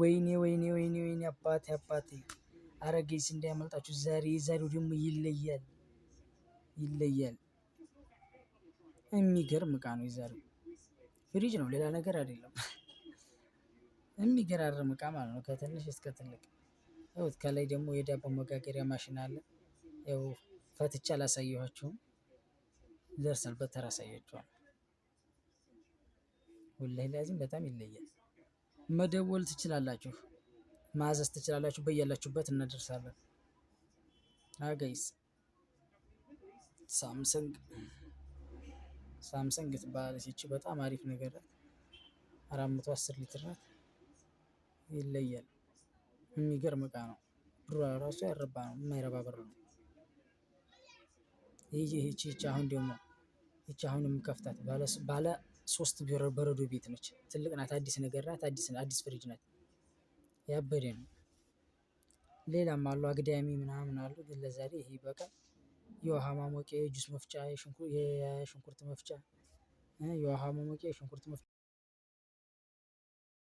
ወይኔ ወይኔ ወይኔ ወይኔ አባቴ አባቴ ጌስ እንዳያመልጣችሁ። ዛሬ ዛሬው ደግሞ ይለያል ይለያል። የሚገርም እቃ ነው የዛሬው። ፍሪጅ ነው ሌላ ነገር አይደለም። የሚገራርም እቃ ማለት ነው ከትንሽ እስከ ትልቅ። ያው ከላይ ደግሞ የዳቦ መጋገሪያ ማሽን አለ። ያው ፈትቻ አላሳየኋችሁም። ደርሰን በተራ አሳያችኋለሁ። ወላሂ ላዚም በጣም ይለያል። መደወል ትችላላችሁ፣ ማዘዝ ትችላላችሁ። በያላችሁበት እናደርሳለን። አገይስ ሳምሰንግ ሳምሰንግ ትባላለች። ይቺ በጣም አሪፍ ነገር ናት። አራት መቶ አስር ሊትር ናት። ይለያል። የሚገርም እቃ ነው። ብሩ ራሱ ያረባ ነው። የማይረባ ብር ነው። ይቺ ይቺ አሁን ደግሞ ይቺ አሁን የምከፍታት ባለ ሶስት በረዶ ቤት ነች። ትልቅ ናት። አዲስ ነገር ናት። አዲስ አዲስ ፍሪጅ ናት። ያበደ ነው። ሌላም አሉ አግዳሚ ምናምን አሉ። ግን ለዛሬ ይሄ ይበቃል። የውሃ ማሞቂያ፣ የጁስ መፍጫ፣ የሽንኩርት መፍጫ፣ የውሃ ማሞቂያ፣ የሽንኩርት መፍጫ